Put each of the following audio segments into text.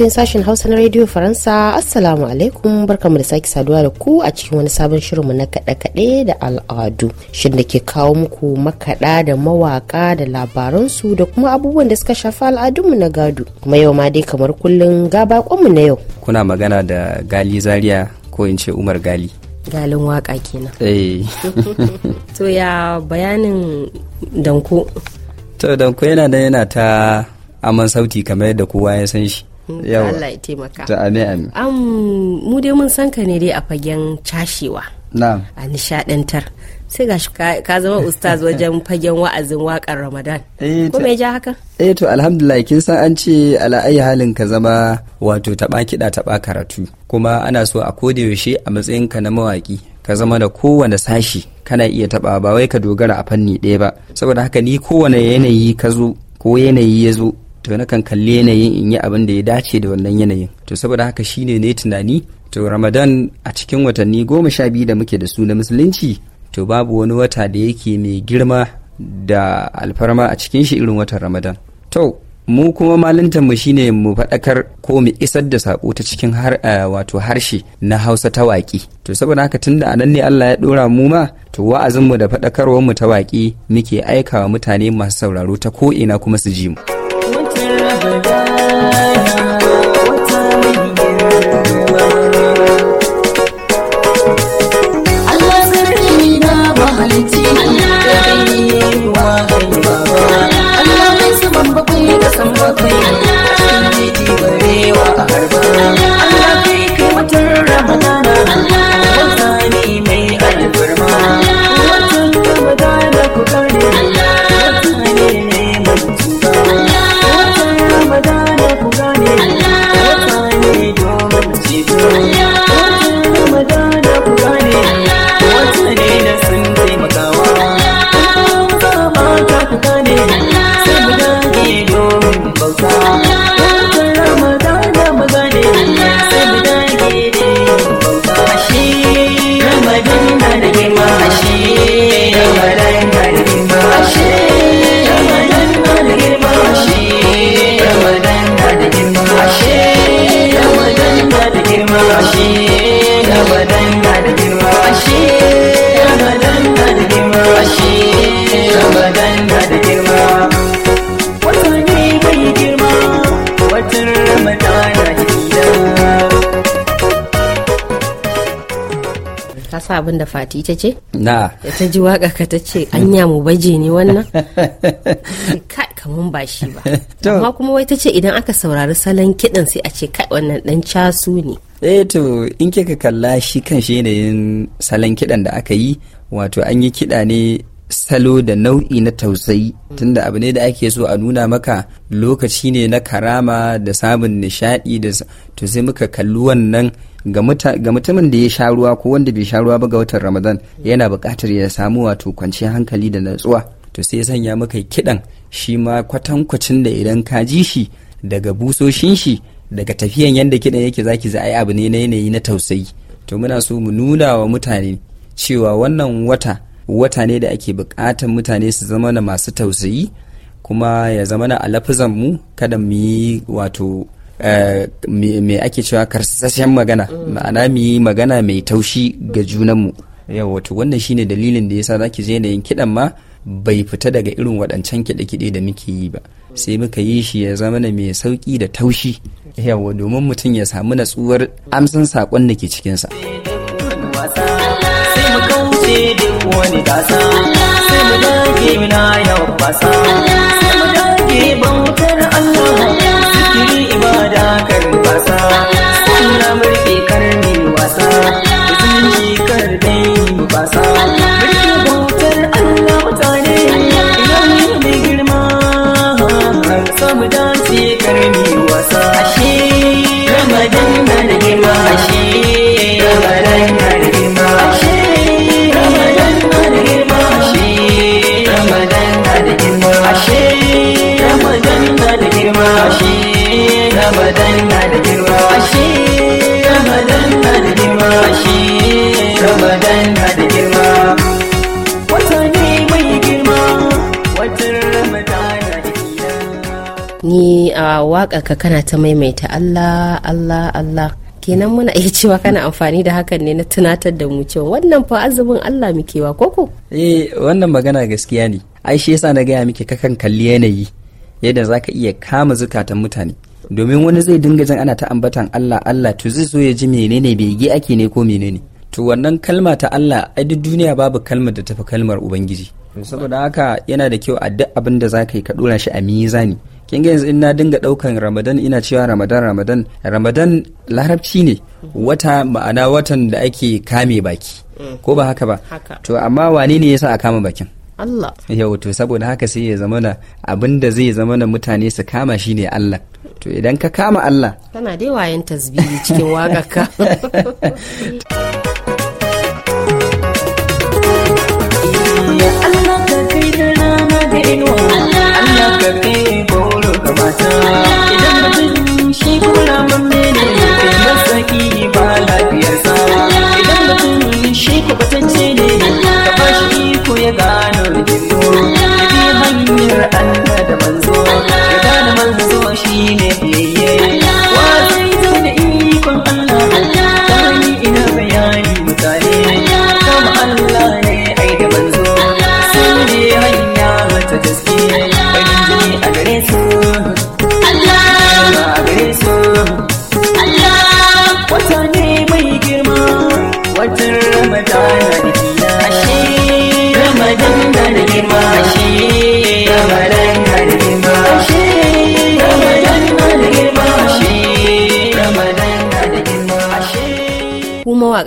yin sashen hausa na radio faransa assalamu alaikum barkamu da sake saduwa da ku a cikin wani sabon shirinmu na kaɗe-kaɗe da al'adu shin da ke kawo muku makaɗa da mawaƙa da labaransu da kuma abubuwan da suka shafi al'adunmu na gado kuma yau ma dai kamar kullum ga bakonmu na yau kuna magana da gali zaria ko in ce umar gali galin waka kenan eh. to ya bayanin danko to danko yana da yana ta aman sauti kamar yadda kowa ya san shi mm, Allah ya taimaka ta ame ame mu dai mun san ka ne dai a fagen cashewa na. a nishadantar sai gashi ka zama ustaz wajen fagen wa'azin wakar ramadan eh, ko me ja haka eh to alhamdulillah kin san an ce ala ayi halin ka zama wato taɓa kiɗa taba karatu kuma ana so a koda yaushe a matsayin ka na mawaki ka zama da kowane sashi kana iya taba ba wai ka dogara a fanni ɗaya ba saboda haka ni kowane yanayi ka zo ko yanayi ya zo to na nakan kalli yanayin in yi abin da ya dace da wannan yanayin to saboda haka shine ne tunani to ramadan a cikin watanni goma sha biyu da muke da su na musulunci to babu wani wata da yake mai girma da alfarma a cikin shi irin watan ramadan to mu kuma malintan mu shine mu faɗakar ko mu isar da sako ta cikin har eh, wato harshe na Hausa ta waƙi to saboda haka tunda anan ne Allah ya dora mu ma to wa'azin mu da faɗakarwar mu ta waƙi muke wa mutane masu sauraro ta ko ina kuma su ji mu Allah mai saman bakwai da san bakwai abin da fati ta ce? Na. Da ta ji waka ka ta ce anya mu baje ne wannan? Kai kamun ba shi ba. Amma kuma wai ta ce idan aka saurari salon kiɗan sai a ce kai wannan ɗan casu ne. Eh to in kika kalla shi kan shi yanayin salon kiɗan da aka yi wato an yi kiɗa ne salo da nau'i na tausayi tunda abu ne da ake so a nuna maka lokaci ne na karama da samun nishaɗi da to sai muka kalli wannan ga mutumin da ya sha ruwa ko wanda bai sha ruwa ba ga watan ramadan yana buƙatar ya samu wato kwanciyar hankali da natsuwa to sai ya sanya maka kiɗan shi ma kwatankwacin da idan ka ji shi daga busoshin shi daga tafiyan yadda kiɗan yake zaki za a yi abu ne na yanayi na tausayi to muna so mu nuna wa mutane cewa wannan wata wata ne da ake bukatan mutane su zama na masu tausayi kuma ya zama na alafizan mu kada mu yi wato eh, me ake cewa karsashen magana mm. ma'ana mu yi magana mai taushi ga junanmu yau wato wannan shine dalilin da yasa zaki je yin kiɗan ma bai fita daga irin waɗancan kiɗe-kiɗe da muke yi ba sai muka yi shi ya zama na mai sauƙi da taushi yawa domin mutum ya samu natsuwar amsan saƙon da ke cikinsa. Sai wani gasa sai mu dage muna yau basa sai mu dage waƙa ka kana ta maimaita Allah Allah Allah kenan muna iya cewa kana amfani da hakan ne na tunatar da mu cewa wannan fa azumin Allah muke wa koko eh wannan magana gaskiya ne ai shi yasa na gaya miki kakan kalli yanayi yadda zaka iya kama zukatan mutane domin wani zai dinga jin ana ta ambatan Allah Allah to zai zo ya ji menene bege ake ne ko menene to wannan kalma ta Allah ai duk duniya babu kalmar da tafi kalmar ubangiji saboda haka yana da kyau a duk abin da zaka yi ka dora shi a mizani kin yanzu in na dinga daukan ramadan ina cewa ramadan ramadan ramadan larabci ne wata ma'ana watan da ake kame baki mm. ko ba haka ba to amma wane ne yasa a kama bakin Allah yau to saboda haka sai ya zamana abinda zai zamana mutane su kama shi ne Allah to idan ka kama Allah kana dai wayan tasbihi cikin wagarka Allah ka kai da rama da inuwa Allah ka kai mata idan mutum shi kura mun mene kai masaki ba lafiya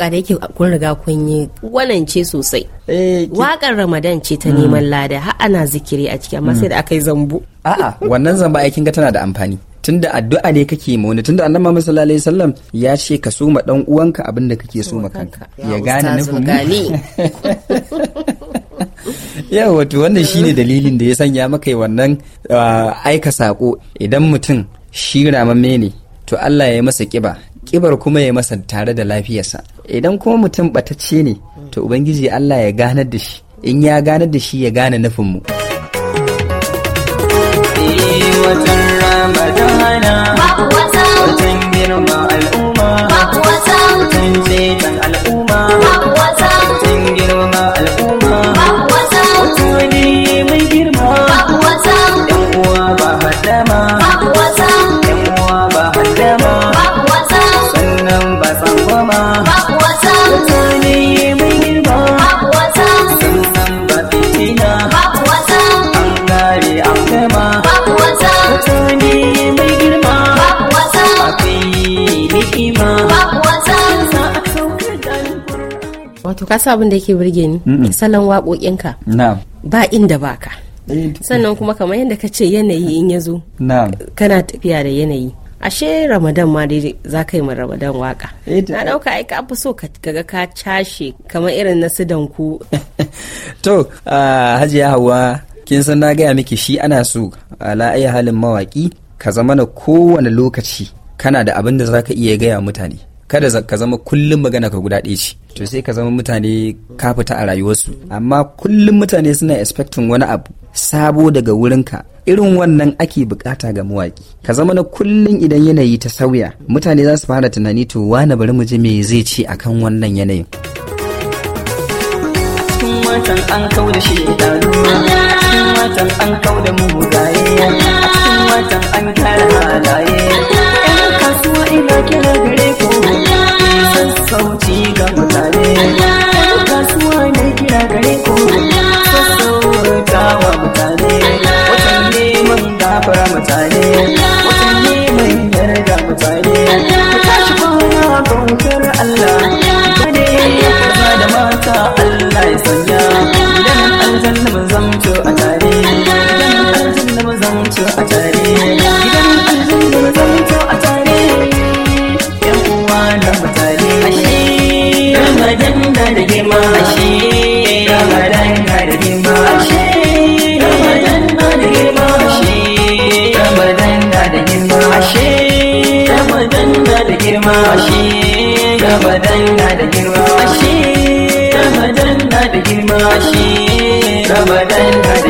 waka da yake kun riga kun yi gwanance sosai eh, wakar ramadan ce ta mm. neman lada har ana zikiri a ciki amma sai mm. da aka yi zambu a'a wannan zamba aikin ga tana da amfani tunda addu'a ne kake ma wani tunda annabi Muhammad sallallahu alaihi wasallam ya ce ka soma dan uwanka abin da kake soma kanka ya gane nufin yau wato wannan shine dalilin da ya sanya maka yi wannan uh, aika sako idan mutum shi ramamme ne to Allah ya yi masa kiba kibar kuma ya masa tare da lafiyarsa idan kuma mutum ce ne to ubangiji Allah ya ganar da shi in ya ganar da shi ya gane nufin mu girma al'umma wato ka abin da yake burge ni salon waƙoƙinka ba inda baka eh, sannan kuma kamar yadda ka ce yanayi in ya zo kana tafiya da yanayi ashe ramadan ma dai za ka yi ma ramadan waka eh na dauka ai ka fi so ka ga ka cashe kamar irin na danku to haji ya hawa kin san na gaya miki shi ana so ala halin mawaki ka zama na kowane lokaci kana da abin da za ka iya gaya mutane kada ka zama kullum magana ka guda ɗaya ce to sai ka zama mutane ka fita a rayuwarsu amma kullum mutane suna expecting wani abu sabo daga wurinka irin wannan ake bukata ga mawaki ka zama na kullum idan yanayi ta sauya mutane za su fara tunani to wani bari mu je me zai ce akan wannan yanayin kasuwa ina kira gare ku sassauci ga mutane kasuwa ina kira gare ku girma shi ya na da girma shi ya da girma shi ya na da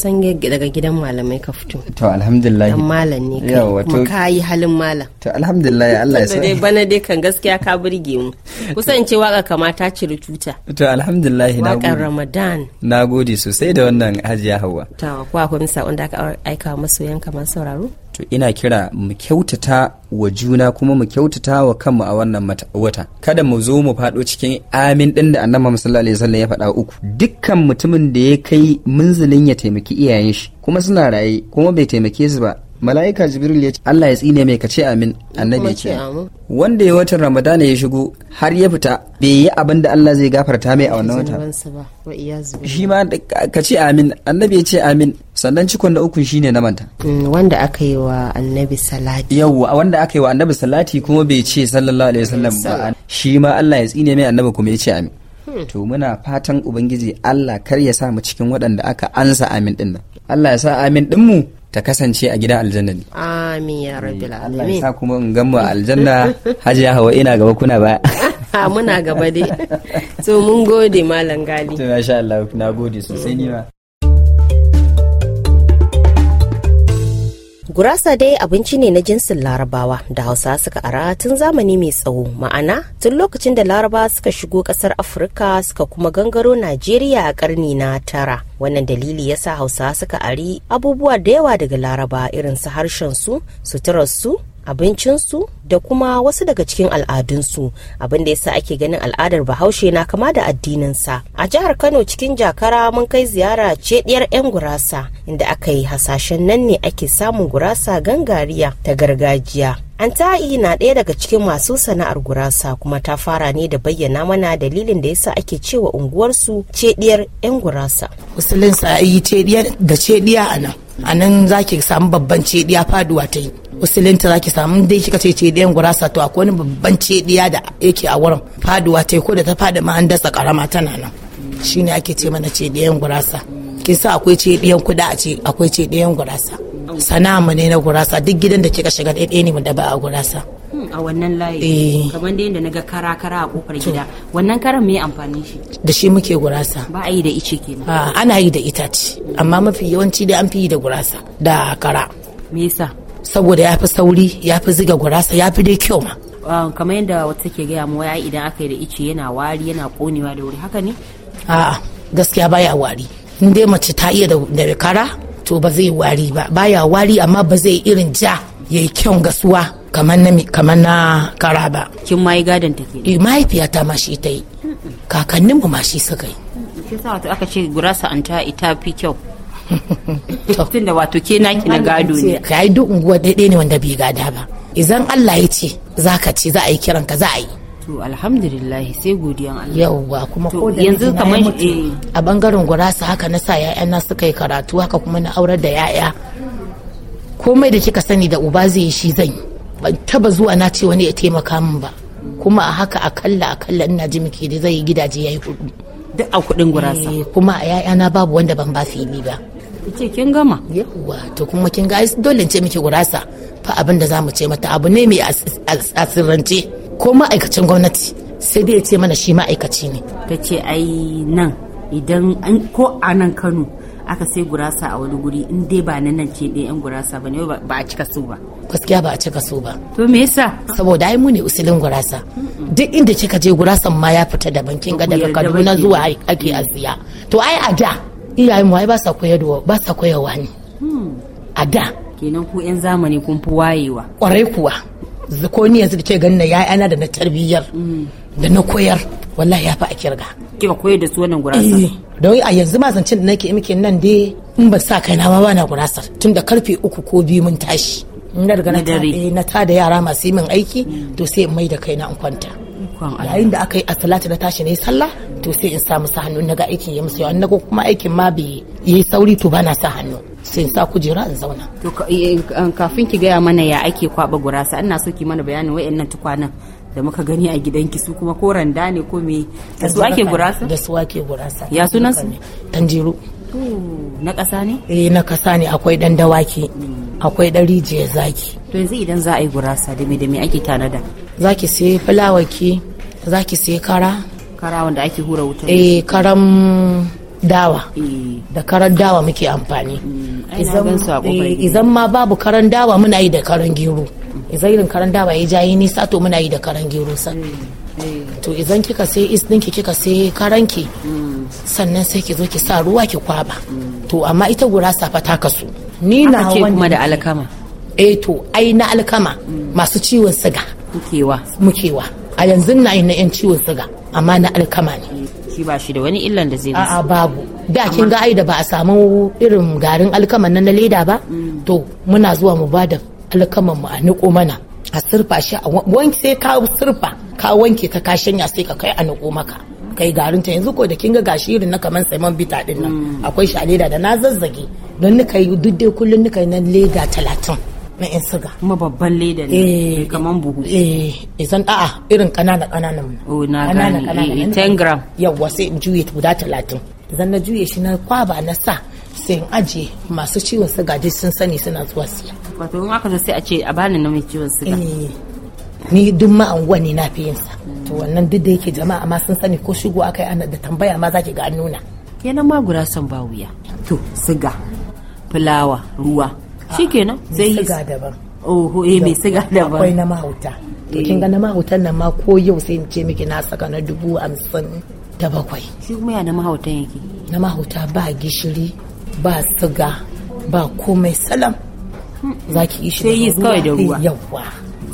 san daga gidan malamai ka fito to alhamdulillah dan malam ne kai kuma ka yi halin malam to alhamdulillah Allah ya sa dai bana dai kan gaskiya ka burge mu kusan ce waka kamata ciri tuta to alhamdulillah na gode Ramadan na gode sosai da wannan hajiya Hauwa to ko akwai sakon da aka aika masoyan kamar sauraro to ina kira mu kyautata wa juna kuma mu kyautata wa kanmu a wannan wata kada mu zo mu fado cikin amin ɗin da annabi sallallahu alaihi wasallam ya faɗa uku dukkan mutumin da ya kai munzulin ya taimaki iyayen shi kuma suna raye kuma bai taimake su ba mala'ika jibril ya ce Allah ya tsine mai kace amin annabi ya ce wanda ya watan ramadana ya shigo har ya fita bai yi abin da Allah zai gafarta mai a wannan wata shi ma kace amin annabi ya ce amin sannan cikon da ukun shine na manta mm, wanda aka yi wa annabi salati yawwa wanda aka yi wa annabi salati kuma bai ce sallallahu alaihi wasallam ba shi ma Allah ya tsine mai annabi kuma ya ce amin hmm. to muna fatan ubangiji Allah kar ya sa mu cikin waɗanda aka ansa amin din Allah ya sa amin din mu ta kasance a gidan aljanna ne amin ya Rabbi alamin Allah ya sa kuma in gamma aljanna hajiya hawa ina gaba kuna ba ha muna gaba dai So mun gode malam gali to masha Allah na gode sosai ni ma Gurasa dai abinci ne na jinsin larabawa da hausa suka ara tun zamani mai tsawo ma'ana tun lokacin da larabawa suka shigo kasar afirka suka kuma gangaro najeriya a karni na tara wannan dalili yasa hausa suka ari abubuwa da yawa daga laraba irin su harshen su suturarsu abincinsu da kuma wasu daga cikin al'adunsu abin da yasa ake ganin al'adar bahaushe na kama da addininsa a jihar kano cikin jakara mun kai ziyara ce diyar 'yan gurasa inda aka yi hasashen nan ne ake samun gurasa gangariya ta gargajiya Anta'i na ɗaya daga cikin masu sana'ar gurasa kuma ta fara ne da bayyana mana dalilin da yasa ake cewa unguwarsu cediyar 'yan gurasa. Musulun sa'ayi cediyar da cediya a nan. A nan za ki samu babban cediya faduwa ta yi. Musulun ta za ki samu dai kika ce cediyar gurasa to akwai wani babban cediya da yake a wurin faduwa ta yi ko da ta fada ma an dasa karama tana nan. shi ne ake ce mana cediyar gurasa. Kin sa akwai cediyar kuda a ce akwai cediyar gurasa. sana'a ne na gurasa duk gidan da kika shiga ɗaya ne mu da ba a gurasa hmm, a wannan layi eh. kamar da yadda naga kara kara a kofar gida wannan karan me amfani shi da shi muke gurasa ba a yi da ice kenan ah, ana yi da itace amma mafi yawanci da an fi yi da gurasa da kara me yasa saboda ya fi sauri ya fi ziga gurasa ya fi dai kyau ma ah, kamar yadda wata ke gaya mu waya idan aka yi da ice yana wari yana konewa da wuri haka ne a'a gaskiya baya wari in dai mace ta iya da kara to ba zai wari ba baya wari amma ba zai irin ja yayi kyan gasuwa kamar na kamar kara ba kin mai gadon take eh mahaifiyata ma shi ta yi kakannin mu ma shi suka yi shi sa wato aka ce gurasa an ta ita fi kyau tun da wato ke naki na gado ne ka yi duk unguwa daidai ne wanda bai gada ba izan Allah ya ce za ka ce za a yi kiranka za a yi to alhamdulillah sai godiyan Allah yauwa kuma ko da yanzu kamar eh. a bangaren gurasa haka na sa ya'yan na suka yi karatu haka kuma na aurar da ya'ya komai da kika sani da uba zai yi shi zan ban taba zuwa na ce wani ya taimaka min ba kuma a haka akalla akalla ina ji muke da zai yi gidaje yayi kudu duk a kudin gurasa eh, kuma a ya'ya na babu wanda ban ba fili ba ce kin gama yauwa to kuma kin ga dole ce miki gurasa fa abin da zamu ce mata abu ne mai asirrance ko ma'aikacin gwamnati sai dai ya ce mana shi ma'aikaci ne ta ce ai nan idan ko a nan kano aka sai gurasa a wani guri in dai ba nan ce dai yan gurasa ba ne ba a cika so ba gaskiya ba a cika so ba to me yasa saboda ai mu ne usulin gurasa duk inda kika je gurasan ma ya fita daban bankin ga daga Kaduna zuwa ake mm. aziya. to ai a da iyayen mu ai ba sa koyarwa ba sa koyarwa ne hmm. a da kenan ku yan zamani kun fi wayewa kwarai kuwa ko yanzu da ke ganin ya ana da na tarbiyyar da na koyar wallahi ya fi a kirga kika koyar da su wannan eh, don a yanzu ma zancen da nake muke nan de in ban sa kaina ba bana gurasar tun da karfe uku ko biyu mun tashi na riga na ta da eh, yara masu yi min aiki mm. to sai in mai da kaina in kwanta ikon Allah yayin da aka yi asalatu na tashi ne sallah to sai in sa musu hannu naga aikin ya musu yawa naga kuma aikin ma bai yi sauri to bana sa hannu sai sa kujera in zauna. To eh, eh, kafin ki gaya mana ya ake kwaba gurasa ina so ki mana bayanin wayannan tukwanan da muka gani a gidanki su kuma ko randa ne ko me da su ake gurasa? Da su ake gurasa. Ya sunan su? Tanjiru. Na ƙasa ne? Eh na ƙasa ne akwai dan dawaki hmm. akwai dan jiya zaki. To yanzu idan za a yi gurasa da me da me ake tanada? Zaki sai fulawaki za ki sai kara kara wanda ake hura wuta eh karam dawa eh. da karan dawa muke amfani mm, eh, idan ma babu karan dawa muna yi da karan gero idan irin karan dawa ya jayi nisa to muna yi da karan gero sa eh, to idan kika sai is ɗinki kika sai ki. Mm. sannan sai ki zo ki sa ruwa ki kwaba mm. to amma ita gurasa fa ta kasu ni na kuma da alkama eh to ai na alkama masu ciwon siga mukewa mukewa a yanzu na yi na yan ciwon siga amma na alkama ne shi ba shi da wani illan da zai a'a babu da kin ga ai da ba a samu irin garin alkama na na leda ba mm. to muna zuwa mu ba da alkaman mu a niko mana a surfa shi a wanki sai ka surfa ka wanke ta ka shanya sai ka kai a niko maka kai garin ta yanzu ko da kin ga gashi irin na kaman saman bita din nan mm. akwai shi a leda da na zazzage don nika yi duk dai kullun nika yi na leda talatin na yan siga kuma babban leda ne eh, kaman buhu eh isan a'a irin kanana mu. oh na gane 10 eh, gram yawa sai in juye guda 30 Zan na juye shi na kwaba na sa sai in ajiye masu ciwon siga duk sun sani suna zuwa siya wato in aka zo sai a ce a bani na mai ciwon siga eh, ni duk ma anguwa ne na fi yinsa to wannan duk da yake jama'a ma sun sani ko shigo aka yi ana da tambaya ma zaki ga an nuna kenan ma gura son ba wuya to siga fulawa ruwa Ah, shikenan zai yi daban oho eh mai siga daban akwai na mahauta to eh. kin ga na mahauta nan ma ko yau sai in ce miki na saka na dubu hamsin da bakwai shi kuma ya na mahauta yake na mahauta ba gishiri ba siga ba komai salam hmm. za ki yi shi da ruwa eh, yawwa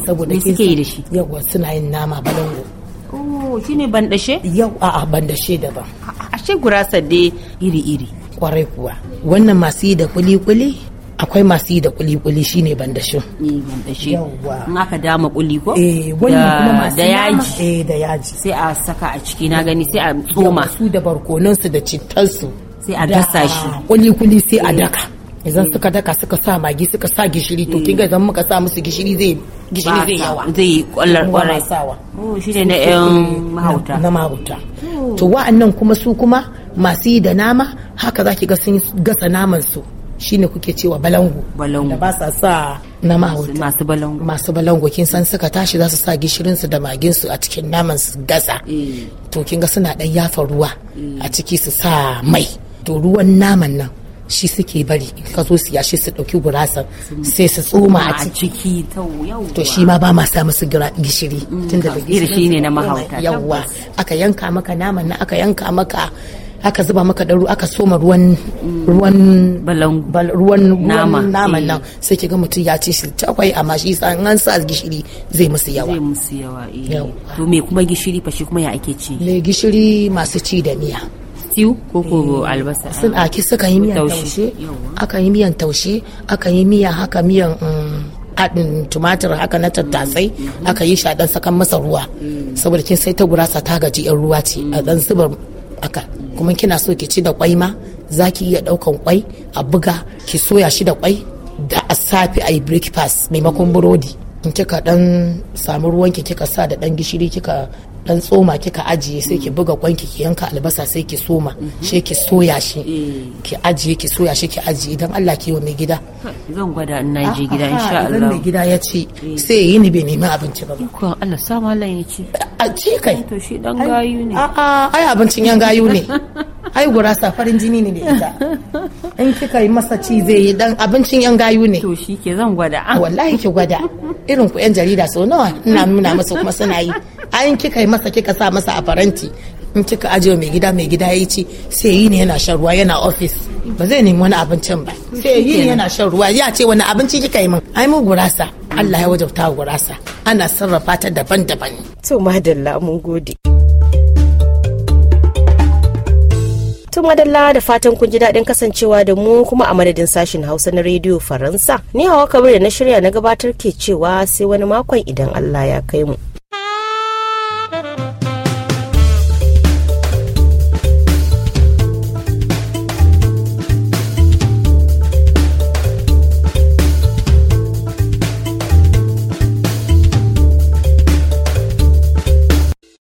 saboda ke suke yi da shi yawwa suna yin nama balango oh ne bandashe yau a bandashe daban ashe gurasa dai iri iri kwarai kuwa wannan masu yi da kuli-kuli akwai masu yi da kuli-kuli shi. Ban Bandashin. Yawwa. In aka dama kuli ko? Eh, kuma masu da yaji. Eh, da yaji. Sai a saka a ciki na gani sai a tsoma. Su da barkonansu da cittansu. Sai a dasa shi. Kuli-kuli sai a eh. daka. idan eh. suka daka suka sa magi suka sa gishiri to kinga eh. idan muka sa musu gishiri zai gishiri zai yawa zai kwallar kwarai oh, shi ne na yan mahauta na mahauta oh. to wa'annan kuma su kuma masu yi da nama haka zaki ga sun gasa naman su shine kuke cewa balango da ba sa sa na mahauta masu balango masu balango kin san suka tashi za su sa gishirin su da magin su a cikin naman su gasa eh. to kin ga suna dan yafa ruwa eh. a ciki su sa mai to ruwan naman nan shi suke bari in ka zo siya shi su ɗauki gurasa sai su tsoma a ciki to shi ma ba ma sa musu gishiri mm, Tunda da gishiri ne na mahauta yawa aka yanka maka naman na aka yanka maka aka zuba maka da ruwa aka soma ruwan ruwan ruwan naman eh. nan sai ki ga mutum ya ci shi takwai amma shi sa an sa gishiri zai musu yawa zai musu yawa eh. to me kuma gishiri fa shi kuma ya ake ci Me gishiri masu ci da miya stew ko ko albasa sun aki suka yi miyan taushe aka yi miyan taushe aka yi miya haka miyan mm, haɗin tumatir haka na tattasai mm. aka yi shi a ɗan sakan masa ruwa mm. saboda kin sai ta gurasa ta gaji yan ruwa ce a ɗan zuba aka kuma kina so ki ci da kwai ma za ki iya ɗaukan kwai a buga ki soya shi da kwai da a safi a yi breakfast maimakon burodi in kika dan samu ruwanki kika sa da dan gishiri kika dan tsoma kika ajiye sai ki buga kwanki ki yanka albasa sai ki soma mhm. shi ki soya shi eh. ki ajiye ki soya shi ki ajiye idan Allah ki wa mai gida zan gwada in naji gida ah, insha Allah idan mai gida ya ci eh. sai yi ni bai nemi abinci ba ko Allah sa mallan ya a ci kai eh, to shi dan gayu ne a ai abincin yan gayu ne ai gurasa farin jini ne da ita in kika yi masa ci zai yi dan abincin yan gayu ne to shi ke zan gwada wallahi ki gwada irin ku yan jarida so nawa ina nuna masa kuma suna yi ayin kika yi masa kika sa masa a faranti in kika ajiye mai gida mai gida ya ci sai yi ne yana shan ruwa yana ofis ba zai nemi wani abincin ba sai yi ne yana shan ruwa ya ce wani abinci kika yi min ai mu gurasa Allah ya wajabta gurasa ana sarrafa ta daban-daban to madalla mun gode madalla da fatan kun ji daɗin kasancewa da mu kuma a madadin sashen hausa na rediyo faransa ni hawa kabir da na shirya na gabatar ke cewa sai wani makon idan allah ya kai mu